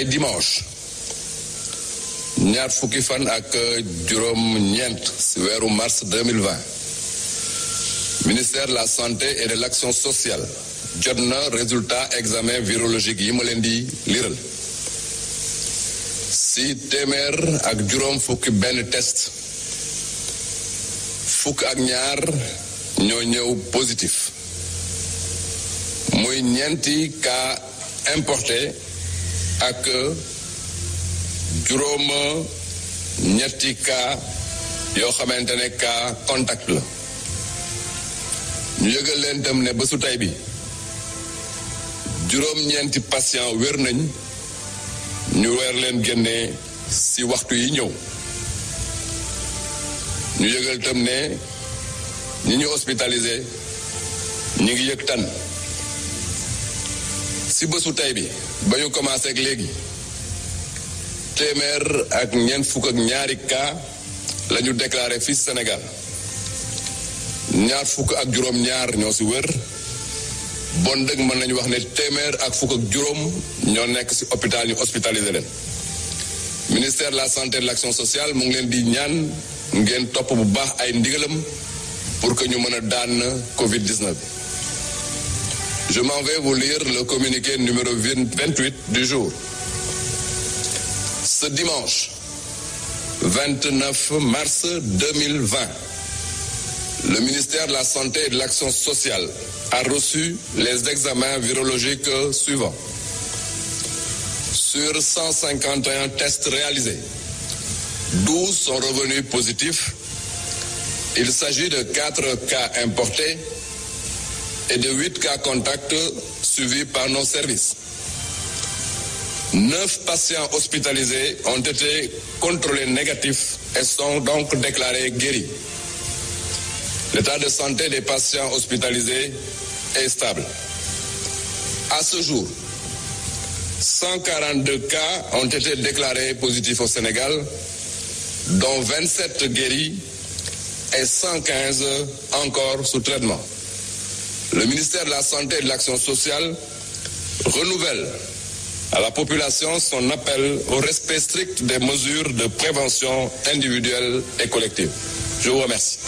dimanche ñaar fukki fan ak juróom-ñeent c'est vers mars 2020 ministère de la santé et de l'action sociale Journal, résultat examen virologique yi ma leen di liral si téeméer ak juróom fukki ben test fukk ak ñaar ñoo ñëw positif muy ñeenti cas importé ak juróom ñetti cas yoo xamante ne kaa contact la ñu yëgal leen tam ne bésu tey bi juróom-ñeenti patient wér nañ ñu weer leen génnee si waxtu yi ñëw ñu yëgal tam ne ñi ñu hospitalisé ñi ngi yëg tan si bésu tay bi ba ñu commencé ak légui témèr ak ñen fuk ak ñaari nyar lañu déclarer fi Sénégal ñaar fuk ak juroom ñaar ñoo ci wër bon deug mën nañu wax né témèr ak fuk ak juroom ñoo nekk ci hôpital ñu hospitaliser leen ministère de la santé et de l'action sociale mu ngi leen di ñaan ngeen top bu baax ay ndigalam pour que ñu mëna daan covid 19 Je m'en vais vous lire le communiqué numéro 28 du jour. Ce dimanche 29 mars 2020, le ministère de la Santé et de l'Action sociale a reçu les examens virologiques suivants. Sur 151 tests réalisés, 12 sont revenus positifs. Il s'agit de 4 cas importés et de 8 cas contacts suivis par nos services. 9 patients hospitalisés ont été contrôlés négatifs et sont donc déclarés guéris. L'état de santé des patients hospitalisés est stable. À ce jour, 142 cas ont été déclarés positifs au Sénégal, dont 27 guéris et 115 encore sous traitement le ministère de la Santé et de l'Action sociale renouvelle à la population son appel au respect strict des mesures de prévention individuelle et collective. Je vous remercie.